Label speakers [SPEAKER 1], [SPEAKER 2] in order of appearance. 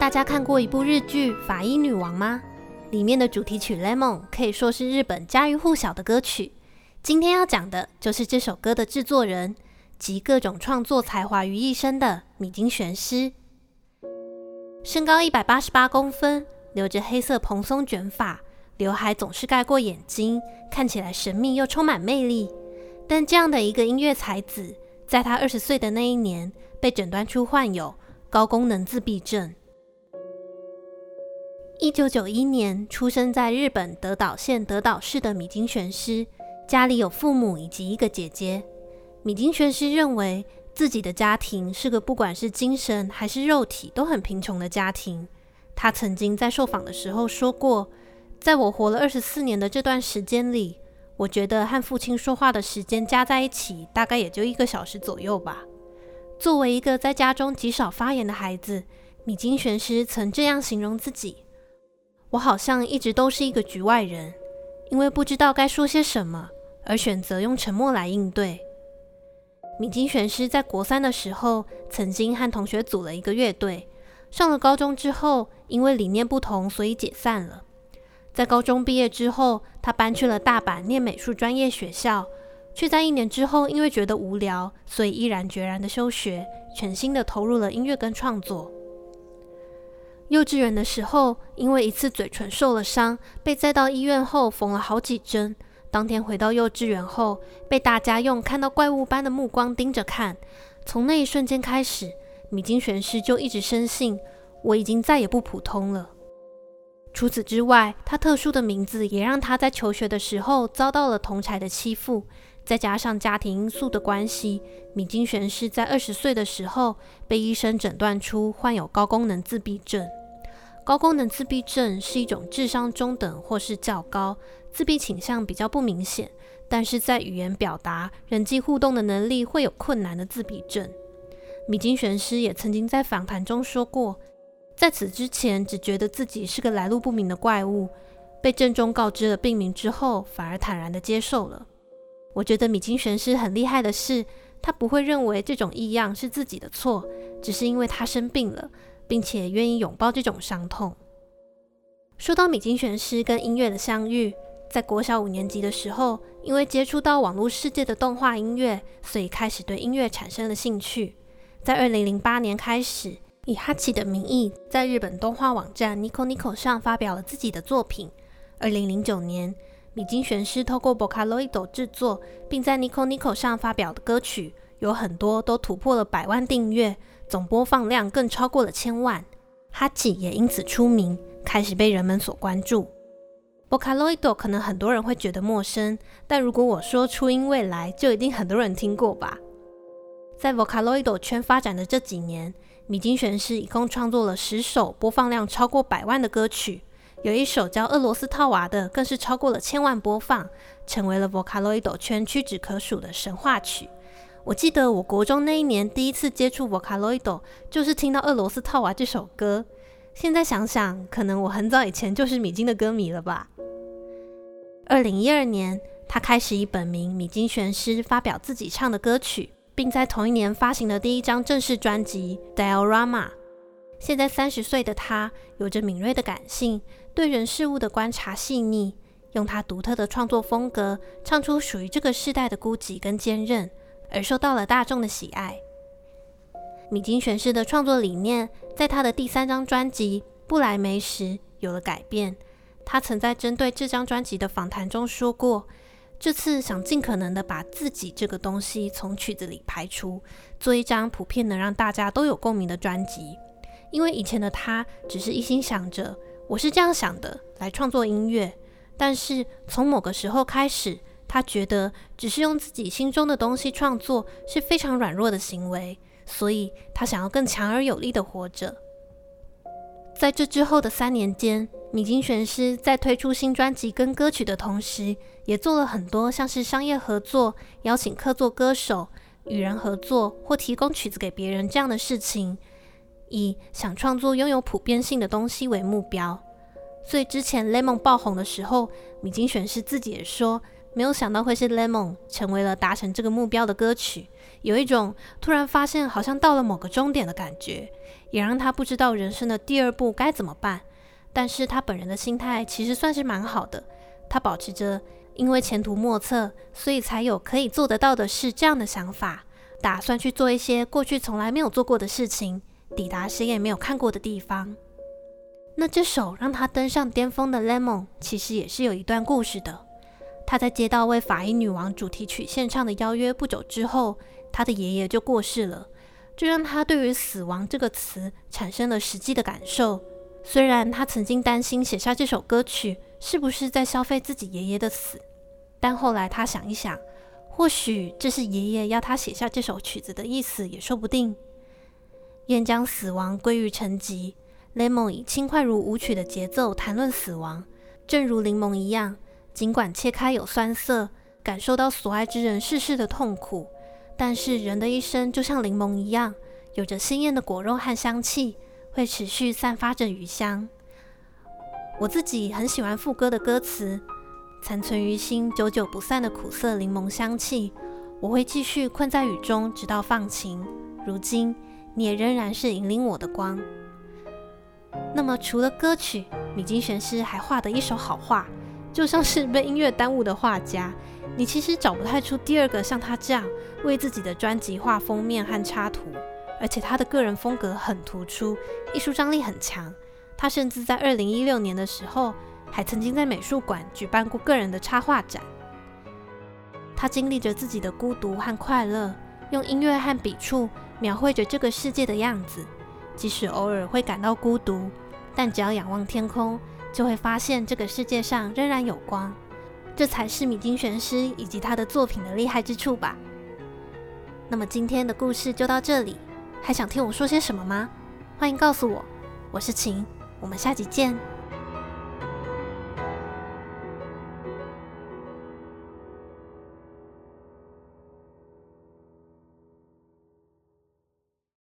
[SPEAKER 1] 大家看過一部日劇《法醫女王》嗎？裡面的主題曲《Lemon》可以說是日本家喻戶曉的歌曲。今天要講的就是這首歌的制作人集各種創作才華於一身的米津玄師。身高一百八十八公分，留着黑色蓬鬆卷髮，劉海總是蓋過眼睛，看起來神秘又充滿魅力。但這樣的一個音樂才子，在他二十歲的那一年被診斷出患有高功能自閉症。一九九一年出生在日本德島縣德島市的米津玄師，家裡有父母以及一個姐姐。米津玄師認為自己的家庭是個不管是精神還是肉體都很貧窮的家庭。他曾經在受訪的時候說過：“在我活了二十四年的這段時間裡，我覺得和父親說話的時間加在一起，大概也就一個小時左右吧。”作為一個在家中極少發言的孩子，米津玄師曾這樣形容自己。我好像一直都是一個局外人，因為不知道該說些什麼，而選擇用沉默來應對。米津玄師在國三的時候曾經和同學組了一個樂隊，上了高中之後因為理念不同，所以解散了。在高中畢業之後，他搬去了大阪念美術專業學校，卻在一年之後因為覺得無聊，所以毅然決然的休學，全心的投入了音樂跟創作。幼稚園的時候，因為一次嘴唇受了傷，被載到醫院後縫了好幾針。當天回到幼稚園後，被大家用看到怪物般的目光盯着看。從那一瞬間開始，米津玄師就一直深信，我已經再也不普通了。除此之外，他特殊的名字也讓他在求學的時候遭到了同儕的欺負。再加上家庭因素的關係，米津玄師在二十歲的時候被醫生診斷出患有高功能自閉症。高功能自閉症是一種智商中等或是較高、自閉傾向比較不明顯，但是在語言表達、人際互動的能力會有困難的自閉症。米津玄師也曾經在訪談中說過，在此之前只覺得自己是個來路不明的怪物，被鄭重告知了病名之後，反而坦然地接受了。我覺得米津玄師很厲害的是，他不會認為這種異樣是自己的錯，只是因為他生病了。並且願意擁抱這種傷痛。說到米津玄師跟音樂的相遇，在國小五年級的時候，因為接觸到網絡世界的動畫音樂，所以開始對音樂產生了興趣。在二零零八年開始，以哈奇的名義，在日本動畫網站 Niconico 上發表了自己的作品。二零零九年，米津玄師透過 Vocaloid 製作，並在 Niconico 上發表的歌曲。有很多都突破了百萬訂閱，總播放量更超過了千萬。哈奇也因此出名，開始被人們所關注。Vocaloid 可能很多人會覺得陌生，但如果我說初音未來，就一定很多人聽過吧。在 Vocaloid 圈發展的這幾年，米津玄師一共創作了十首播放量超過百萬的歌曲，有一首叫《俄羅斯套娃》的更是超過了千萬播放，成為了 Vocaloid 圈屈指可數的神話曲。我記得我國中那一年第一次接觸 Vocaloid，就是聽到《俄羅斯套娃》這首歌。現在想想，可能我很早以前就是米津的歌迷了吧。二零一二年，他開始以本名米津玄師發表自己唱的歌曲，並在同一年發行了第一張正式專輯《Diorama》。現在三十歲的他，有着敏銳的感性，對人事物的觀察細膩，用他獨特的創作風格，唱出屬於這個世代的孤寂跟堅韌。而受到了大眾的喜愛。米津玄師的創作理念在他的第三張專輯《不來梅》時有了改變。他曾在針對這張專輯的訪談中說過：“這次想盡可能的把自己這個東西從曲子裡排除，做一張普遍能讓大家都有共鳴的專輯。因為以前的他只是一心想着‘我是這樣想的’來創作音樂，但是從某個時候開始。”他覺得，只是用自己心中的東西創作是非常軟弱的行為，所以他想要更強而有力地活着。在這之後的三年間，米津玄師在推出新專輯跟歌曲的同時，也做了很多像是商業合作、邀請客座歌手、與人合作或提供曲子給別人這樣的事情，以想創作擁有普遍性的東西為目標。所以之前《Lemon》爆紅的時候，米津玄師自己也說。沒有想到會是 Lemon 成為了達成這個目標的歌曲，有一種突然發現好像到了某個終點的感覺，也讓他不知道人生的第二步該怎麼辦。但是他本人的心態其實算是蠻好的，他保持着因為前途莫測，所以才有可以做得到的事這樣的想法，打算去做一些過去從來沒有做過的事情，抵達誰也沒有看過的地方。那這首讓他登上巔峰的 Lemon 其實也是有一段故事的。他在接到為《法醫女王》主題曲獻唱的邀約不久之後，他的爺爺就過世了，這讓他對於“死亡”這個詞產生了實際的感受。雖然他曾經擔心寫下這首歌曲是不是在消費自己爺爺的死，但後來他想一想，或許這是爺爺要他寫下這首曲子的意思，也說不定。願將死亡歸於沉寂，Lemon 以輕快如舞曲的節奏談論死亡，正如檸檬一樣。儘管切開有酸澀，感受到所愛之人逝世的痛苦，但是人的一生就像檸檬一樣，有着鮮豔的果肉和香氣，會持續散發着餘香。我自己很喜歡副歌的歌詞，殘存於心久久不散的苦澀檸檬香氣，我會繼續困在雨中，直到放晴。如今你也仍然是引領我的光。那麼除了歌曲，米津玄師還畫得一手好畫。就像是被音樂耽誤的畫家，你其實找不太出第二個像他這樣為自己的專輯畫封面和插圖，而且他的個人風格很突出，藝術張力很強。他甚至在二零一六年的時候，還曾經在美術館舉辦過個人的插畫展。他經歷着自己的孤獨和快樂，用音樂和筆觸描繪着這個世界的樣子。即使偶爾會感到孤獨，但只要仰望天空。就會發現這個世界上仍然有光，這才是米津玄師以及他的作品的厲害之處吧。那麼今天的故事就到這裡，還想聽我說些什麼嗎？歡迎告訴我，我是晴，我們下集見。